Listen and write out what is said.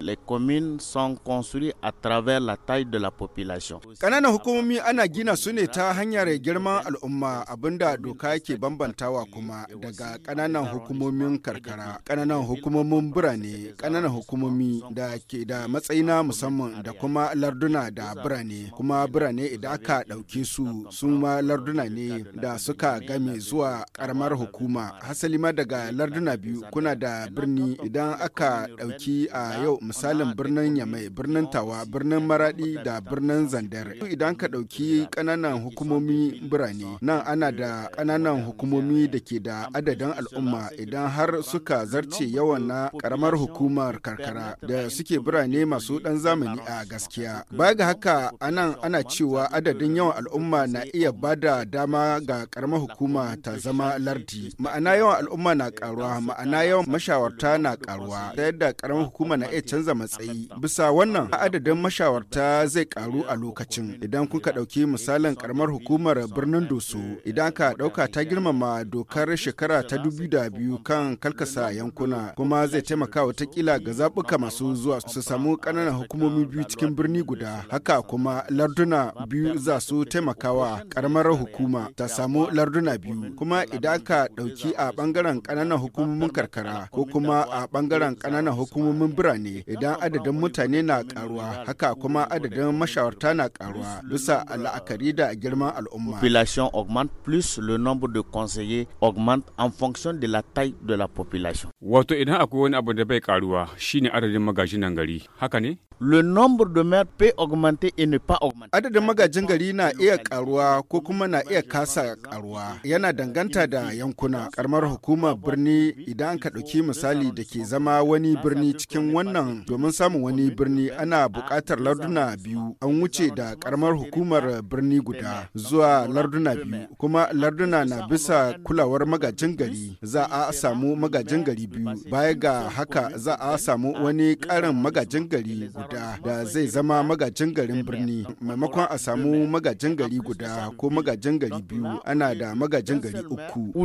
Les communes sont construites à travers la taille de la population. ƙananan hukumomi ana gina su ne ta hanyar girman al'umma abinda doka ke bambantawa kuma daga ƙananan hukumomin karkara, ƙananan hukumomin birane, ƙananan hukumomi da ke da matsayina musamman da kuma larduna da birane, kuma birane idan aka ɗauke su su ma larduna ne da suka game zuwa karamar hukuma. Hasali ma daga larduna biyu kuna da birni idan aka ɗauki a yau misalin birnin Yamai, birnin Tawa, birnin Maradi da birnin Zandar. Idan ka ɗauki ƙananan hukumomi birane, nan ana da ƙananan hukumomi da ke da adadin al'umma idan har suka zarce yawan na ƙaramar hukumar karkara da suke birane masu ɗan zamani a gaskiya. ba ga haka anan ana cewa adadin yawan al'umma na iya ba da dama ga ƙaramar hukuma ta zama lardi. Ma'ana yawan al'umma na ƙaruwa, ma'ana yawan mashawarta na ƙaruwa, ta yadda ƙaramar hukuma na iya canza matsayi bisa wannan adadin mashawarta zai karu a lokacin idan kuka ɗauki misalin karamar hukumar birnin doso idan ka ɗauka ta girmama dokar shekara ta biyu kan kalkasa yankuna kuma zai taimaka watakila ga zaɓuka masu zuwa su samu ƙananan hukumomi biyu cikin birni guda haka kuma larduna biyu za su taimakawa karamar hukuma ta samu larduna biyu kuma idan ka ɗauki a ɓangaren ƙananan hukumomin karkara ko kuma a ɓangaren ƙananan hukumomin birane idan adadin mutane na karuwa haka kuma adadin mashawarta na karuwa bisa la'akari da girman al'umma. Population augmente plus le nombre de conseillers augmente en fonction de la taille de la population. Wato idan akwai wani abu da bai karuwa shine adadin nan gari haka ne? Le nombre de maires peut augmenter et ne pas augmenter. Adadin magajin gari na iya karuwa ko kuma na iya kasa karuwa yana danganta da yankuna karamar hukumar birni idan ka ɗauki misali da ke zama wani birni cikin wannan domin samun wani birni ana buƙatar larduna biyu an wuce da karamar hukumar birni guda zuwa larduna biyu kuma larduna na bisa kulawar magajin gari za a samu magajin gari biyu baya ga haka za a samu wani ƙarin magajin gari guda da zai zama magajin garin birni maimakon a samu magajin gari guda ko magajin gari biyu ana da magajin gari uku.